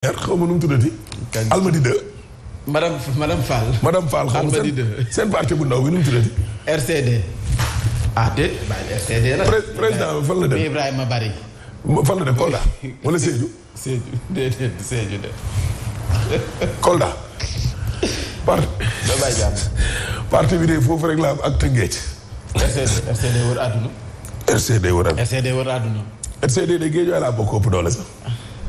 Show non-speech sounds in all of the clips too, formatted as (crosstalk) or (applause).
xaw ma bu ndaw bi ah, Bari. fan la dem Kolda parti. bi de foofu rek am ak Tëngéej. RCD RCD wër àdduna. wër àdduna. RCD wër àdduna. de géej laa bokk ëpp doole sax.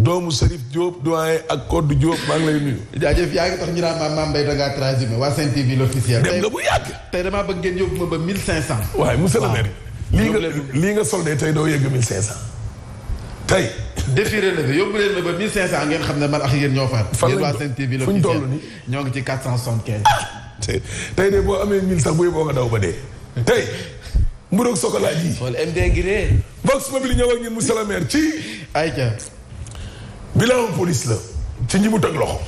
doomu Serif Diop doyen ak Codé Diop maa ngi lay nuyu. jaajëf yaa ngi tax ñu naan maam maam Mbaye da ngaa transhumé waa Sen TV l'officiel. dem nga bu yàgg tey damaa bëgg ngeen yóbbu ma ba mille cinq cent. waaw monsieur le maire lii nga lii tey ne man ak yéen ñoo faat. fan ngi ci quatre cent soixante quinze. Ah, de boo amee mille sax buy boo nga daw ba dee. tey. mburoog sokolaa ji. wala MD ngi dee. Vox Populi ñëw ak ñun monsieur le maire ci. ayca. bilan police la ci ñi mu teg loxo.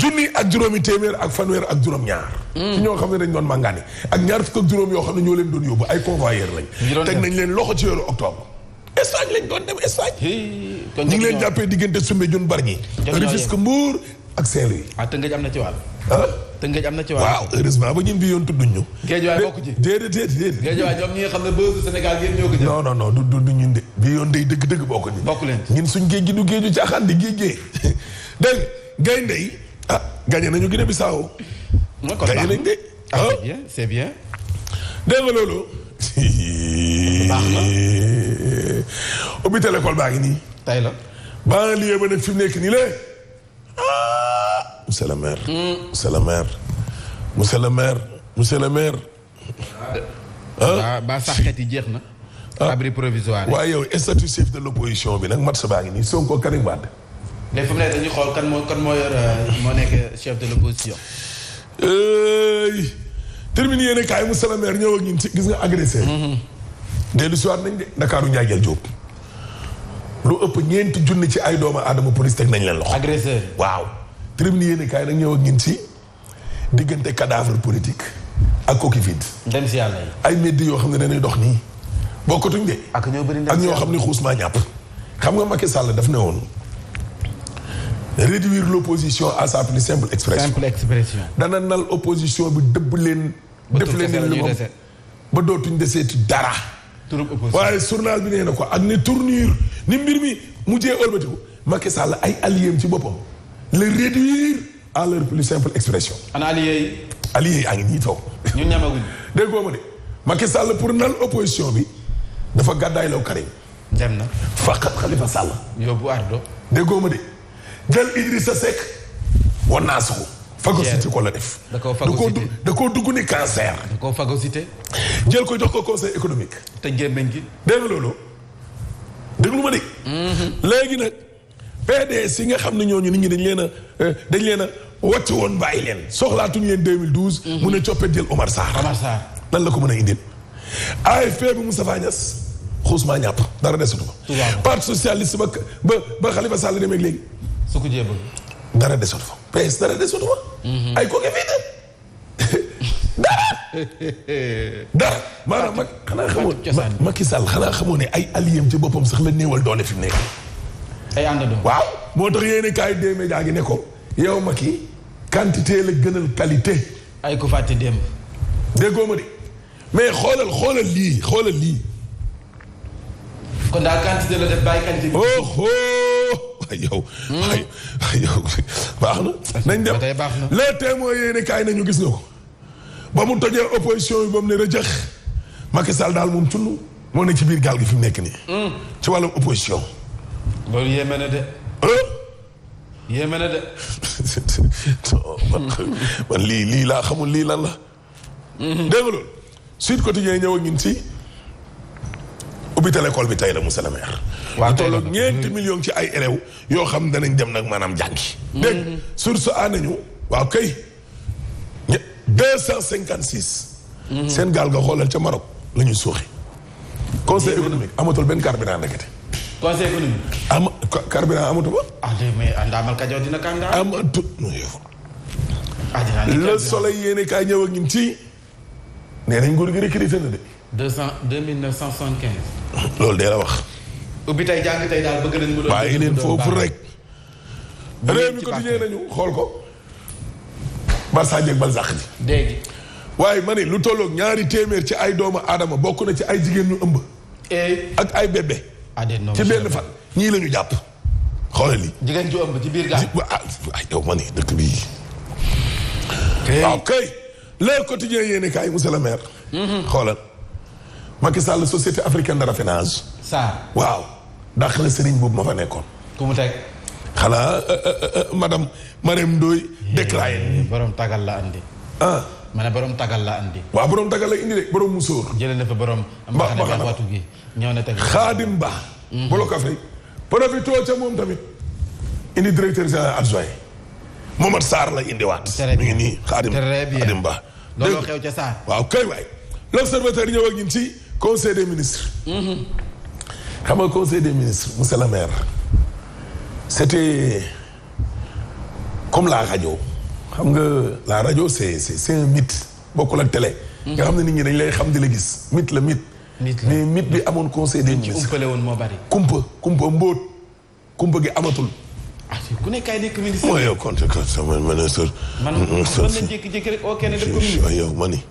junni ak juróomi téeméer ak fanweer ak juróom ñaar. ci ñoo xam ne dañ doon màngaani ak ñaar fukk ak juróom yoo xam ne ñoo leen doon yóbbu ay convoyeur lañ. teg nañ leen loxo ci weeru octobre. Espagne lañ doon dem Espagne. ñu ngi leen jàppee diggante Soumbédioune Bargny. Rufisque Mbour ak Saint-Louis. ah Tëngéej am na ci wàll. Tëngéej am na ci waay. waaw heureusement ba ñun bi yoon tudduñ ñu. géej waay bokk ci déedéet déedéet déedéet. géej waay ñoom ñi nga xam ne buzz Sénégal yéen ñoo ko jël. non non non du du ñun de bi yoon day dëgg dëgg bokk ni bokk leen ñun suñ géej gi du géeju caaxaan di géej géej. (laughs) dégg nga gaynde yi ah gagné nañu Guinée Bissau. mooy kon gagné nañ de. Ah, ah c'est bien c'est bien. dégg nga loolu. baax na. baa ngi nii. tay la. banlieue ba nag fi nekk nii la. Ah. monsieur le maire. monsieur le maire. monsieur le maire monsieur le maire. ah ba saxkat yi jeex na. Ah. abri provisoire. waaye yow statut chef de l' bi nag match baa ngi nii soo Karim Wade. mais fu mu ne dañuy xool kan moo kan moo yor euh, moo nekk chef de l' opposition. terminé yéen a kaay monsieur le maire ñëw ak ñun ci gis nga agressé. Mhm. dellu si waat nañ de Ndakaaru Njaageel Jóob lu ëpp ñeenti junni ci ay doomu aadama police teg nañ leen loxo. agresseur waaw. tribune yéen kaay nag ñëw ak ñun ci diggante cadavre politique ak coquille vide. ay meddi yoo xam ne dañuy dox nii bokkatuñ de. ak ñoo bëri ñoo xam ne xuus maa ñàpp. xam nga Macky Sall daf ne woon réduire l' opposition à sa plus simple expression. simple expression. dana nal opposition bi dëbb leen. def leen li moom ba dootuñ de deseeti dara. waaye journal bi nee na ko ak ne tournure ni mbir mi mujjee ëlbatiku Macky Sall ay alliés ci boppam. le réduire à leur plus simple expression. ana allié yi. allié nii toog. ñun ñamaguñ. (laughs) dégg ma de Macky Sall pour nal opposition bi dafa gàddaay law Karim. dem na fa Khalifa Sall. yóbbu Ardo. dégg nga ma de jël Idrissa Seck wan naa def. da koo phagocyté koo dugg ni koo phagocyté. jël ko jox ko conseil te gémmiñ gi. dégg ma de. Mm-hmm. léegi nag. PDS si nga xam ne ñooñu nit ñi dañ leen a eh, dañ leen a wàcc woon bàyyi leen soxlaatuñu leen 2012. mu ne coppe jël Omar Sarr. Omar Sarr lan la ko mën a indil. AFP bu Moustapha Niass xuusmaa ñàpp dara desatu fa. parti socialiste ba ba ba Khalifa Sall demee léegi. su ko jéem dara desatu fa PS dara desatu fa. Mhm. ay ko nga fii de. (laughs) dara maanaam mag xanaa xamoon Macky Sall xanaa xamoon ne ay alliés ci boppam sax la néewal doole fi mu nekk ay àndandoo waaw moo tax yéen kaay des médias gi ne ko yow ma kii quantité la gënal qualité. ay ku fàtte démb. déggoo ma de mais xoolal xoolal lii xoolal lii. kon daal quantité la def bàyyi quantité bi. oh oh yow. Hmm? yow baax na. nañ dem le témoin yéen nañu gis nga ko. ba mu tojee opposition bi ba mu ne rëjëx Macky Sall daal moom tund moo ne ci biir gaal gi fi mu nekk nii. Hmm. ci wàllum opposition. loolu yéeme na de. yéeme na de. (laughs) man lii lii laa xamul lii lan la. Mhm. dégg nga loolu. Sud ñëw ak ñun si ubbital école bi tey la monsieur le maire. waaw tey la ñeenti millions ci ay élèves yoo xam danañ dem nag maanaam jàngi. Mhm. dégg nga source a nañu waaw kay. ñe deux mhm. seen gaal nga xoolal ca Maroc la ñuy suuxi conseil économique amatul benn carburant ndekete. conseil économique. ama carburant amatu ba. ah mais Ndaamal Kajoor dina kàngaar. amatu ah, le soleil yéen kaay ñëw ak ci. nee nañ nguur gi recruté de. deux cent deux mille neuf cent soixante quinze. loolu dee la wax. ubbi tey jàng tey daal bëgg nañ mu leen foofu rek. réew mi ko tijjee nañu xool ko. Barça ak Balzac ji. dégg waaye ma lu tolloog ñaari téeméer ci ay doomu aadama bokk na ci ay jigéen ñu ëmb. ak ay bebe Ah, ci benn fan ñii la ñu jàpp xoolal li jigéen ju ci biir gaal ah, ay yow ma ne dëkk bii waaw ah, kay le quotidien yéene kaay monsieur le maire mhm. xoolal Macky Sall société africaine de raffinage ça waaw dàq na boobu ma fa nekkoon ku mu teg xanaa euh, euh, euh, madame Marème Ndoye eh, déclaré borom tagal la andi ah ma boroom tagal la andi. waaw borom tagal la indi de borom musóor. jëlee na fa borom. mbaa mbaa watu gi ñëw na teg. xaadim ba. Mhm. bolo kafe. profitoo ca moom tamit. indi directeur général adjoint. Momad Sarr la indiwaat. très bien mi ngi nii xaadim ba. looloo xew ca Sarr. waaw kay waay. l'observateur ñëw ak ñun ci conseil des ministres. Mhm. xam nga conseil des ministres monsieur le maire. c'était comme la rajo. xam nga la rajo c'est c'est un mythe bokkul ak télé. nga xam ne nit ñi dañ lay xam di la gis mythe la mythe. mythe mais mythe bi amoon conseil des ministres. woon moo bari. kumpa kumpa mbóot kumpa gi amatul. ah fii ku ne kaay nekk ministre. mooy yow compte que sama ministre. man man la jékki-jékki rek oo kenn def ko. yow ma ni.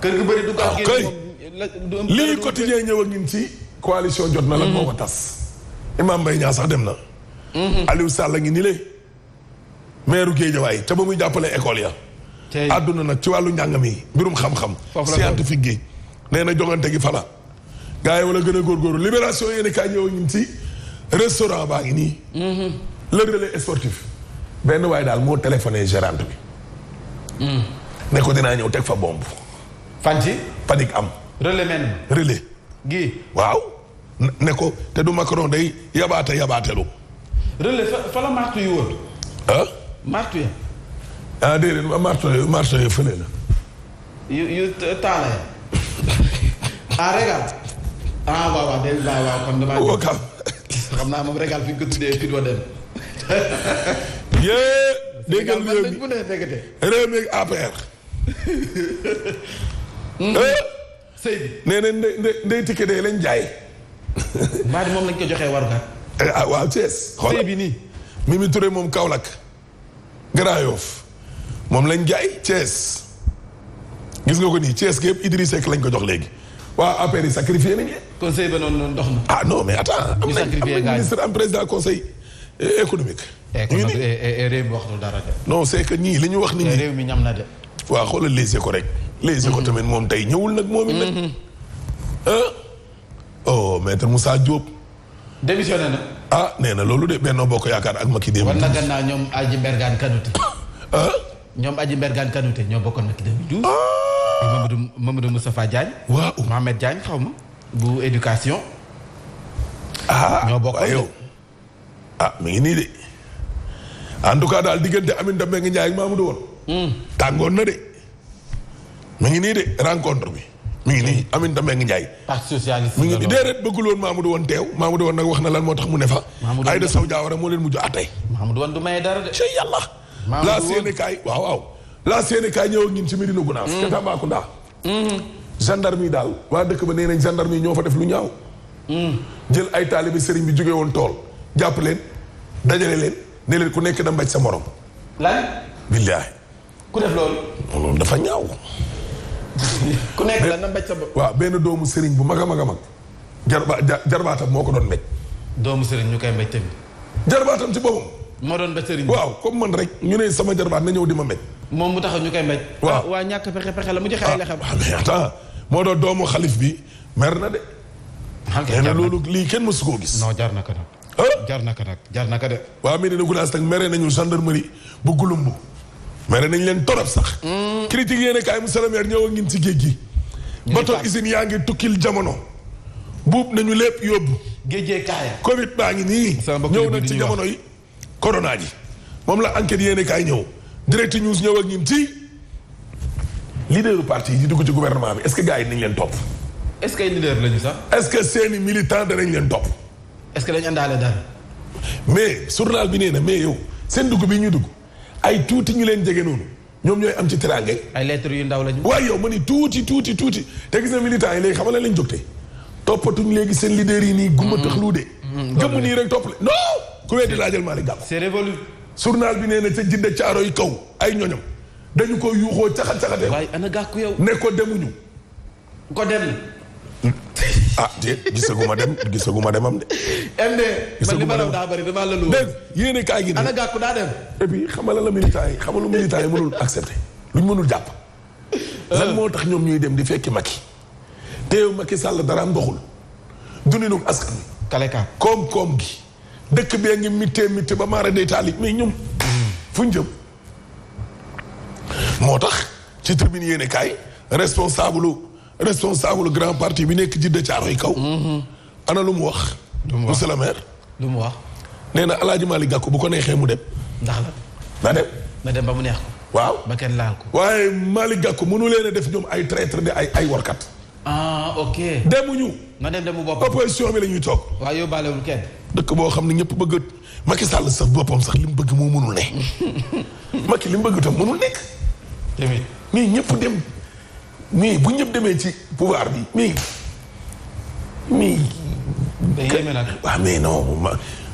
kër gi bëri du baax. Ah, ok lii quotidien ñëw ak ñun ci. coalition jot na la mhm. moo ko tas. Imam Mbaye Niang sax dem na. Mhm. Aliou Sall ngi nii le. maire Guédiawaye te ba muy jàppale école ya àdduna nag ci wàllu njàngam yi mbirum xam-xam scientifique gi nee na jogante gi fala gaa yi wala gën a góorgóorlu libération yéen kaay ñëw ñun si restaurant baa ngi nii mhm. le relais sportif benn waaye daal moo téléphoné gérante bi mhm. ne dinaa ñëw teg fa bomb fan ci panique am relais men relais gi waaw ne te du Macron day yabaate yabaatelu relais fa la martu yi woon martu ya ah déedéet fële la yu yu taala ya ah, régal ah waaw waaw déedéet waaw waaw kon damaa woo naa moom régal fi ñu ko fit wa dem (laughs) yée déggal réew mi réew mi APR hmm. eh? bi nee na ndey ndey dee lañ jaay mbaa di moom lañ ko joxee waruka eh, ah waaw Thiès xool sëy bi nii Mimi Touré moom Kaolack Grand Yoff moom lañ jaay Thiès gis nga ko nii Thiès yëpp Idrissa Seck lañ ko jox léegi waa affaire yi sacrifié nañ conseil ba dox na. ah non mais attends am nañ ministre am président conseil euh, économique. Eh, ñu ni eh, eh, réew mi wax na dara de. non c'est que ñii li ñu wax. nit ñi réew mi ñam na de. waaw xoolal les éco rek. les mm-hmm. tamit moom tey ñëwul nag moom it nag. ah oh maître Moussa Diop. ah nee na loolu de Benno Bokk Yaakaar ak Macky démb. war na naa ñoom Aji Mbergane Kanouté. ah. (coughs) ñoom Aji Mbergane Kanouté ñoo bokkoon Macky 2012. ah Mamadou Mamadou Moustapha Diagne. waaw Mohamed xaw ma. bu éducation. ah ñoo yow ah mi ngi nii de en tout cas daal diggante Aminata Mbengue Ndiaye ak Mamadou woon. Hmm. tàngoon na de. mi ngi nii de rencontre bi. mu ngi nii Aminata Mbengue Ndiaye. parti socialiste mi ngi nii déedéet bëggul woon Mamadou woon teew Mamadou Wane nag wax na lan moo tax mu ne fa. Mamadou Wane Aïda Sow a moo leen mujj àttee. Mamadou Wane du may dara de. waaw yàlla. la Sénégal waaw waaw. la Sénégal ñëw ak ñun ci Médina Gounass. Mm. ca Tambacounda. Mm-hmm. gendarme yi daal waa dëkk ba nee nañ gendarme yi ñoo fa def lu ñaaw. Mm. jël ay taalibe sëriñ bi jógee woon tool jàpp leen dajale leen ne ku nekk da mbaj sa morom. lan. billaahi. ku def loolu. loolu dafa ñaaw. ku nekk la na mbéj sa bopp. waaw benn doomu sëriñ bu mag a mag a mag. jarba jarbaatam moo ko doon mbéj. doomu sëriñ ñu koy mbéj tamit. jarbaatam ci boppam. moo doon mbéj sëriñ waaw comme man rek ñu ne sama jarbaat na ñëw di ma mbéj. moom mu taxaw ñu koy mbéj. waaw ah, waa ñàkk pexe pexe la mu joxe ay lexam. Ah, waaw mais attends moo doon doomu xalif bi mer na de. Ah, nee na loolu lii kenn mësu koo gis. non jar na ko nag. jar na ko nag jar na ko de. waa Médina Gounass nag mere nañu gendarmerie bu gulumbu mere nañ leen torop sax. Mm. critique yéen a kaay monsieur le maire ñëw a ngin ci géej gi. bato usine yaa ngi tukkil jamono. buub nañu lépp yóbbu. géejee kaaya. Covid baa ngi nii. ñëw na ci jamono yi. corona ji moom la enquête yéen a kaay ñëw. direct news ñëw ak ñun ci. leaderu parti yi di dugg ci gouvernement bi est-ce que yi nañ leen topp. est-ce que ay leader ce que seeni militant danañ leen topp. est-ce que dañu àndaale dara. mais journal bi nee na mais yow seen dugg bi ñu dugg. ay tuuti ñu leen jege noonu ñoom ñooy am ci teraanga ay lettres yu ndaw lañu. waaye yow ma ni tuuti tuuti tuuti te gis na militants yi léegi xamal lañ jóg te toppatuñu léegi seen leaders yi nii. gumba taxlu de. Mm, mm, mm. gëmm nii rek topp non ku weddi laajal Malick Gakou. c'est révolu. journal bi nee na ca Jidda caaro yi kaw ay ñoñam dañu ko yuuxoo caxat caxatee. waaye ana Gakou yow. ne ko demuñu. ko dem. ah déet gisaguma dem gisaguma demam de. MD man li ma doon daa bëri damaa la lu. dégg yéen a kaay gi de. ana gàkku daa dem. et puis xamala la militant yi xamalu militant yi mënul accepté luñ mënul jàpp. Euh. lan moo tax ñoom ñuy dem di fekki Macky. teew Macky Sall daraam doxul. dundinu askan wi. kaleka koom-koom gi. dëkk bee ngi mittee mittee ba maara day taali mais ñoom. fuñ jëm. moo tax ci tribune yéen a kaay responsable. responsable grand parti bi nekk Jidda Caaroy kaw. Mhm. ana lu mu wax. lu mu wax monsieur le maire. lu mu wax. nee na El Hadj Malick Gakou bu ko neexee mu dem. ndax la. na dem. na dem ba mu neex ko. waaw ba kenn laal ko. waaye Malick Gakou mënu leen a def ñoom ay traître de ay ay warkat. ah ok. demuñu. na dem demu boppam opposition bi la ñuy toog. waaw yow baalewul kenn. dëkk boo xam ne ñëpp bëgg Macky Sall sax boppam sax li mu bëgg moo mënul ne. (laughs) Macky li mu bëgg tam mënul nekk. tamit mais ñëpp dem. mais bu ñëpp demee ci pouvoir bi mais mais. day yéeme nag. waaw ah, mais non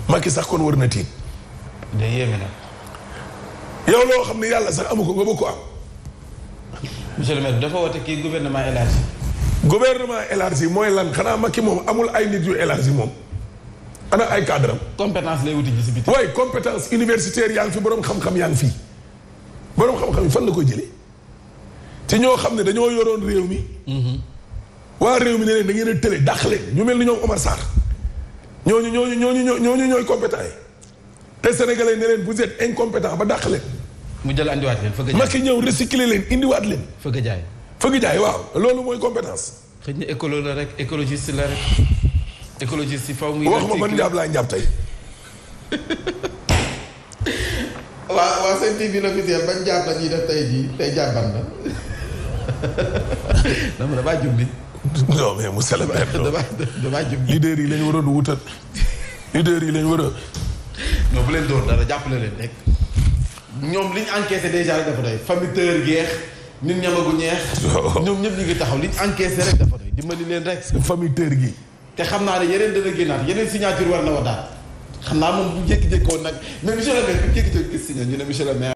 Macky sax kon war na tiit. day yéeme nag. yow loo xam ne yàlla sax amu ko nga ko am. monsieur le maire dafa woote kii gouvernement élargi. gouvernement élargi mooy lan xanaa Macky moom amul ay nit yu élargi moom. ana ay cadre am. compétence lay wuti ci biti. waaye compétence universitaire yaa ngi fi boroom xam-xam yaa ngi fi borom xam-xam yi fan la koy jëlee. ci ñoo xam ne dañoo yoroon réew mi. Mhm. waa réew mi ne leen da ngeen a tële dàq leen ñu mel ni ñoom Omar Sarr ñooñu ñooñu ñooñu ñooñu ñooy compétent yi te sénégalais ne leen vous êtes incompétent ba dàq leen. mu jël andiwaat leen fëgg ñëw recycler leen indiwaat leen. fëgg jaay fëgg jaay waaw loolu mooy compétence. xëy na écolo la rek écologiste la rek écologiste yi faw muy. wax ma ban njaab laa njaab tey. (laughs) waa waa seen TV l'officiel ban njaab la tey jii tey jàppan (laughs) non mais damaa jum ni. non mais Moussa la bàyyi non damaa damaa jum ni. leader yi lañ waroon wutal leader yi lañ war a. bu leen doon dara jàppale leen rek ñoom liñ encaissé déjà rek dafa doy famille tër geex ñun ñamagu ñeex. Oh. ñoom ñëpp ñu taxaw liñ encaissé rek dafa doy dimbali leen rek. famille tër gi. te xam naa ne yeneen dana génnaat yeneen signature war na wa daal xam naa moom bu jékki-jékkoon nag mais monsieur le